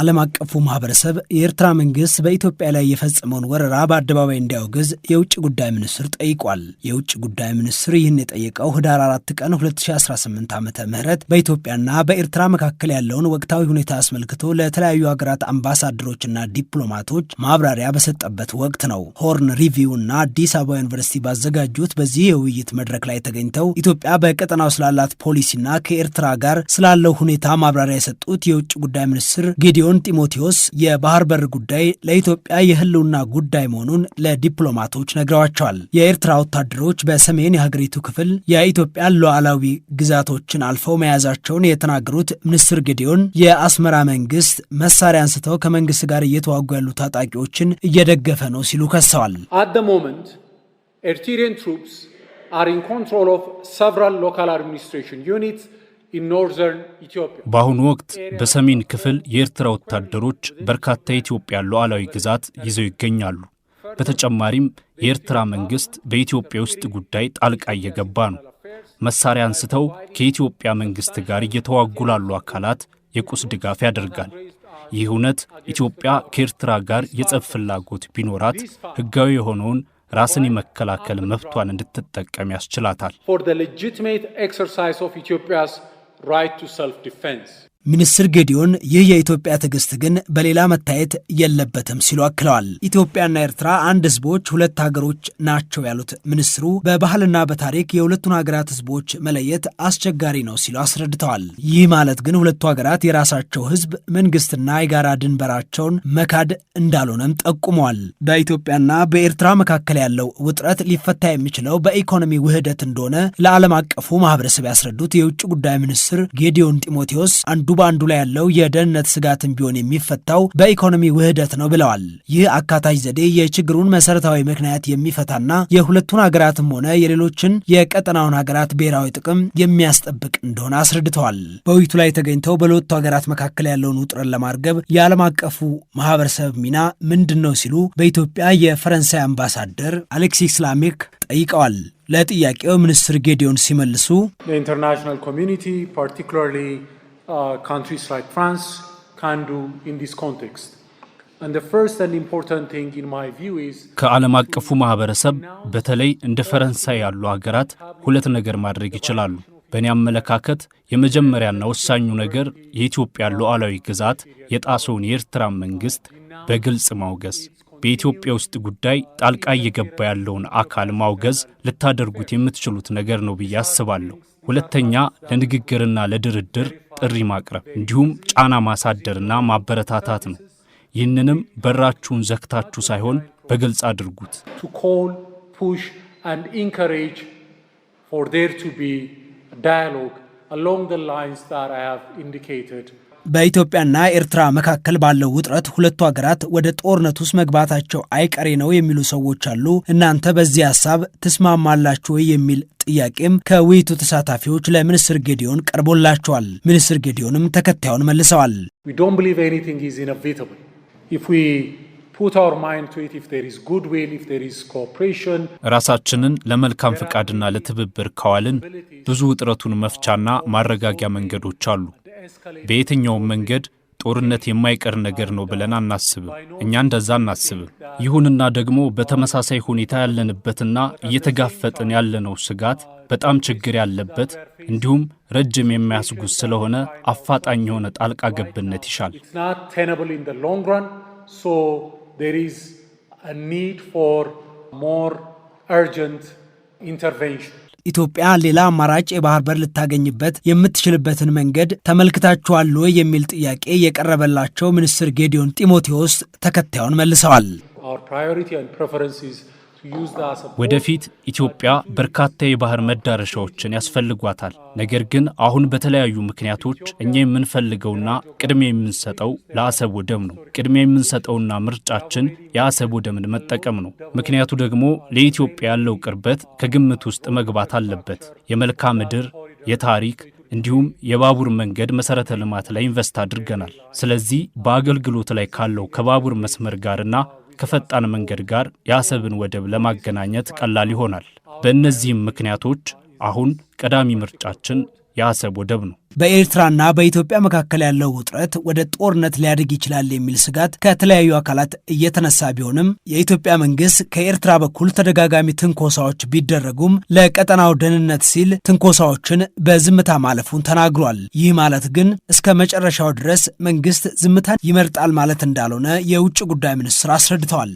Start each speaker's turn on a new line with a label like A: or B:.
A: ዓለም አቀፉ ማህበረሰብ የኤርትራ መንግስት በኢትዮጵያ ላይ የፈጸመውን ወረራ በአደባባይ እንዲያወግዝ የውጭ ጉዳይ ሚኒስትር ጠይቋል። የውጭ ጉዳይ ሚኒስትር ይህን የጠየቀው ህዳር 4 ቀን 2018 ዓ ም በኢትዮጵያና በኤርትራ መካከል ያለውን ወቅታዊ ሁኔታ አስመልክቶ ለተለያዩ ሀገራት አምባሳደሮችና ዲፕሎማቶች ማብራሪያ በሰጠበት ወቅት ነው። ሆርን ሪቪው እና አዲስ አበባ ዩኒቨርሲቲ ባዘጋጁት በዚህ የውይይት መድረክ ላይ ተገኝተው ኢትዮጵያ በቀጠናው ስላላት ፖሊሲና ከኤርትራ ጋር ስላለው ሁኔታ ማብራሪያ የሰጡት የውጭ ጉዳይ ሚኒስትር ጌዲ ጌዲዮን ጢሞቴዎስ የባህር በር ጉዳይ ለኢትዮጵያ የህልውና ጉዳይ መሆኑን ለዲፕሎማቶች ነግረዋቸዋል። የኤርትራ ወታደሮች በሰሜን የሀገሪቱ ክፍል የኢትዮጵያን ሉዓላዊ ግዛቶችን አልፈው መያዛቸውን የተናገሩት ሚኒስትር ጌዲዮን የአስመራ መንግስት መሳሪያ አንስተው ከመንግስት ጋር እየተዋጉ ያሉ ታጣቂዎችን እየደገፈ ነው ሲሉ ከሰዋል።
B: ኤርትሪያን ትሩፕስ አር ኢን ኮንትሮል ኦፍ ሰቨራል ሎካል አድሚኒስትሬሽን ዩኒትስ
A: በአሁኑ ወቅት በሰሜን ክፍል የኤርትራ ወታደሮች በርካታ የኢትዮጵያ ሉዓላዊ ግዛት ይዘው ይገኛሉ። በተጨማሪም የኤርትራ መንግሥት በኢትዮጵያ ውስጥ ጉዳይ ጣልቃ እየገባ ነው። መሳሪያ አንስተው ከኢትዮጵያ መንግሥት ጋር እየተዋጉ ላሉ አካላት የቁስ ድጋፍ ያደርጋል። ይህ እውነት ኢትዮጵያ ከኤርትራ ጋር የጸብ ፍላጎት ቢኖራት ሕጋዊ የሆነውን ራስን የመከላከል መብቷን እንድትጠቀም ያስችላታል።
B: right to self-defense.
A: ሚኒስትር ጌዲዮን ይህ የኢትዮጵያ ትዕግስት ግን በሌላ መታየት የለበትም ሲሉ አክለዋል። ኢትዮጵያና ኤርትራ አንድ ህዝቦች፣ ሁለት ሀገሮች ናቸው ያሉት ሚኒስትሩ በባህልና በታሪክ የሁለቱን ሀገራት ህዝቦች መለየት አስቸጋሪ ነው ሲሉ አስረድተዋል። ይህ ማለት ግን ሁለቱ ሀገራት የራሳቸው ህዝብ፣ መንግስትና የጋራ ድንበራቸውን መካድ እንዳልሆነም ጠቁመዋል። በኢትዮጵያና በኤርትራ መካከል ያለው ውጥረት ሊፈታ የሚችለው በኢኮኖሚ ውህደት እንደሆነ ለዓለም አቀፉ ማህበረሰብ ያስረዱት የውጭ ጉዳይ ሚኒስትር ጌዲዮን ጢሞቴዎስ አንዱ አንዱ በአንዱ ላይ ያለው የደህንነት ስጋትን ቢሆን የሚፈታው በኢኮኖሚ ውህደት ነው ብለዋል። ይህ አካታች ዘዴ የችግሩን መሰረታዊ ምክንያት የሚፈታና የሁለቱን ሀገራትም ሆነ የሌሎችን የቀጠናውን ሀገራት ብሔራዊ ጥቅም የሚያስጠብቅ እንደሆነ አስረድተዋል። በውይይቱ ላይ ተገኝተው በሁለቱ ሀገራት መካከል ያለውን ውጥረን ለማርገብ የዓለም አቀፉ ማህበረሰብ ሚና ምንድን ነው ሲሉ በኢትዮጵያ የፈረንሳይ አምባሳደር አሌክሲስ ላሜክ ጠይቀዋል። ለጥያቄው ሚኒስትር ጌዲዮን ሲመልሱ
B: ኢንተርናሽናል ኮሚኒቲ ፓርቲኩላርሊ Uh, countries like France can do in this context.
A: ከዓለም አቀፉ ማህበረሰብ በተለይ እንደ ፈረንሳይ ያሉ ሀገራት ሁለት ነገር ማድረግ ይችላሉ። በእኔ አመለካከት የመጀመሪያና ወሳኙ ነገር የኢትዮጵያ ሉዓላዊ ግዛት የጣሰውን የኤርትራ መንግሥት በግልጽ ማውገዝ፣ በኢትዮጵያ ውስጥ ጉዳይ ጣልቃ እየገባ ያለውን አካል ማውገዝ ልታደርጉት የምትችሉት ነገር ነው ብዬ አስባለሁ። ሁለተኛ ለንግግርና ለድርድር ጥሪ ማቅረብ እንዲሁም ጫና ማሳደርና ማበረታታት ነው። ይህንንም በራችሁን ዘግታችሁ ሳይሆን በግልጽ አድርጉት።
B: ዳያሎግ አሎንግ ዘ ላይንስ ዛት አይ ሃቭ ኢንዲኬትድ
A: በኢትዮጵያና ኤርትራ መካከል ባለው ውጥረት ሁለቱ ሀገራት ወደ ጦርነት ውስጥ መግባታቸው አይቀሬ ነው የሚሉ ሰዎች አሉ። እናንተ በዚህ ሀሳብ ትስማማላችሁ ወይ የሚል ጥያቄም ከውይይቱ ተሳታፊዎች ለሚኒስትር ጌዲዮን ቀርቦላቸዋል። ሚኒስትር ጌዲዮንም ተከታዩን መልሰዋል። ራሳችንን ለመልካም ፍቃድና ለትብብር ከዋልን ብዙ ውጥረቱን መፍቻና ማረጋጊያ መንገዶች አሉ። በየትኛውም መንገድ ጦርነት የማይቀር ነገር ነው ብለን አናስብም። እኛ እንደዛ አናስብም። ይሁንና ደግሞ በተመሳሳይ ሁኔታ ያለንበትና እየተጋፈጥን ያለነው ስጋት በጣም ችግር ያለበት እንዲሁም ረጅም የሚያስጉዝ ስለሆነ አፋጣኝ የሆነ ጣልቃ ገብነት ይሻል። ኢትዮጵያ ሌላ አማራጭ የባህር በር ልታገኝበት የምትችልበትን መንገድ ተመልክታችኋል ወይ የሚል ጥያቄ የቀረበላቸው ሚኒስትር ጌዲዮን ጢሞቴዎስ ተከታዩን መልሰዋል። ወደፊት ኢትዮጵያ በርካታ የባህር መዳረሻዎችን ያስፈልጓታል። ነገር ግን አሁን በተለያዩ ምክንያቶች እኛ የምንፈልገውና ቅድሚያ የምንሰጠው ለአሰብ ወደብ ነው። ቅድሚያ የምንሰጠውና ምርጫችን የአሰብ ወደብን መጠቀም ነው። ምክንያቱ ደግሞ ለኢትዮጵያ ያለው ቅርበት ከግምት ውስጥ መግባት አለበት። የመልክዓ ምድር፣ የታሪክ እንዲሁም የባቡር መንገድ መሰረተ ልማት ላይ ኢንቨስት አድርገናል። ስለዚህ በአገልግሎት ላይ ካለው ከባቡር መስመር ጋርና ከፈጣን መንገድ ጋር የአሰብን ወደብ ለማገናኘት ቀላል ይሆናል። በእነዚህም ምክንያቶች አሁን ቀዳሚ ምርጫችን የአሰብ ወደብ ነው። በኤርትራና በኢትዮጵያ መካከል ያለው ውጥረት ወደ ጦርነት ሊያድግ ይችላል የሚል ስጋት ከተለያዩ አካላት እየተነሳ ቢሆንም የኢትዮጵያ መንግስት ከኤርትራ በኩል ተደጋጋሚ ትንኮሳዎች ቢደረጉም ለቀጠናው ደህንነት ሲል ትንኮሳዎችን በዝምታ ማለፉን ተናግሯል። ይህ ማለት ግን እስከ መጨረሻው ድረስ መንግስት ዝምታን ይመርጣል ማለት እንዳልሆነ የውጭ ጉዳይ ሚኒስትር አስረድተዋል።